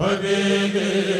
wa bihi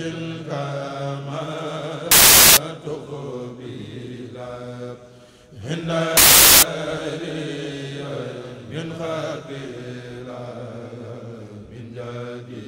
min xaati la min jaadi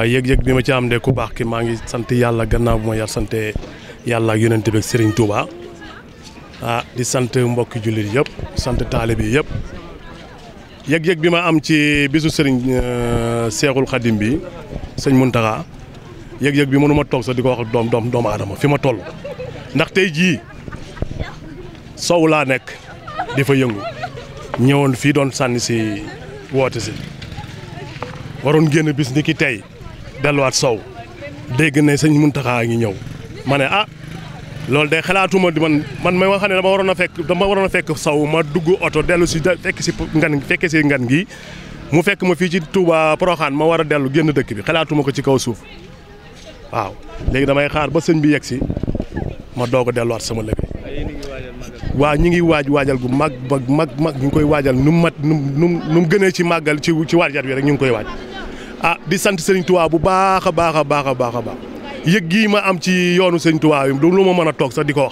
waaw yëg bi ma ci am de ku baax ki maa ngi sant yàlla gannaaw bu ma sante yàlla ak yonent bi Touba ah di sant mbokki jullit yëpp sant taalibe yëpp yëg-yëg bi ma am ci bisu Serigne euh, Seexul Xadim bi sëñ Muntaxa yëg-yëg bi mënu ma toog sax di ko wax doom doom doomu aadama fi ma toll ndax tey jii sow laa nekk di fa yëngu ñëwoon fii doon sànni si woote si waroon génn bis ni ki tey delluwaat sow dégg ne sëñ Muntaxa ngi ñëw ma ne ah loolu de xalaatuma di man man may wax ne dama waroon a fekk dama waroon fekk saw ma dugg oto dellu si fekk si ngan fekke si ngan gi mu fekk ma fii ci tuubaa Poroxaan ma war a dellu génn dëkk bi xalaatuma ko ci kaw suuf waaw léegi damay xaar ba sëñ bi yegg si ma doogo delluwaat sama lëg waaw ñu ngi waaj waajal gu mag mag mag ñu ngi koy waajal nu mat nu mu nu mu gënee ci màggal ci ci waajat bi rek ñu ngi koy waaj ah di sant Serigne Touba bu baax a baax a baax a baax a baax yëg gii ma am ci yoonu Serigne Touba yi lu ma mën a toog sa di ko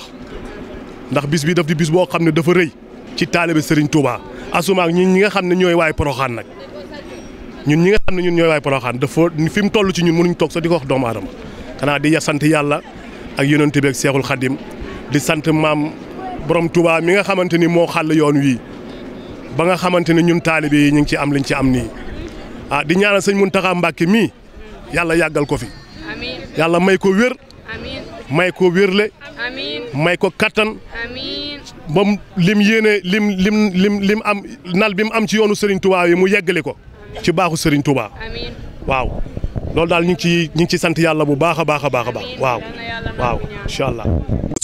ndax bis bi daf di bis boo xam ne dafa rëy ci taalibe Serigne Touba asuma ak ñun ñi nga xam ne ñooy waay Poroxaan nag ñun ñi nga xam ne ñun ñooy waay Poroxaan dafa fi mu toll ci ñun mënuñ toog sa di ko wax doomu aadama xanaa di sant yàlla ak yonent bi ak Seexul Xadim di sant maam borom tubaa mi nga xamante ni moo xàll yoon wii ba nga xamante ni ñun taalibe yi ñu ngi ci am liñ ci am nii. ah di ñaanal sëñ taxa Mbacké mii yàlla yàggal ko fi yàlla may ko wér may ko wérle may ko kattan ba lim yéene lim lim lim lim am nal bi mu am ci yoonu Serigne Touba yi mu yeggale ko ci baaxu Serigne Touba waaw loolu daal ñu ngi ci ñu ngi ci sant yàlla bu baax a baax a baax a baax waaw waaw incha allah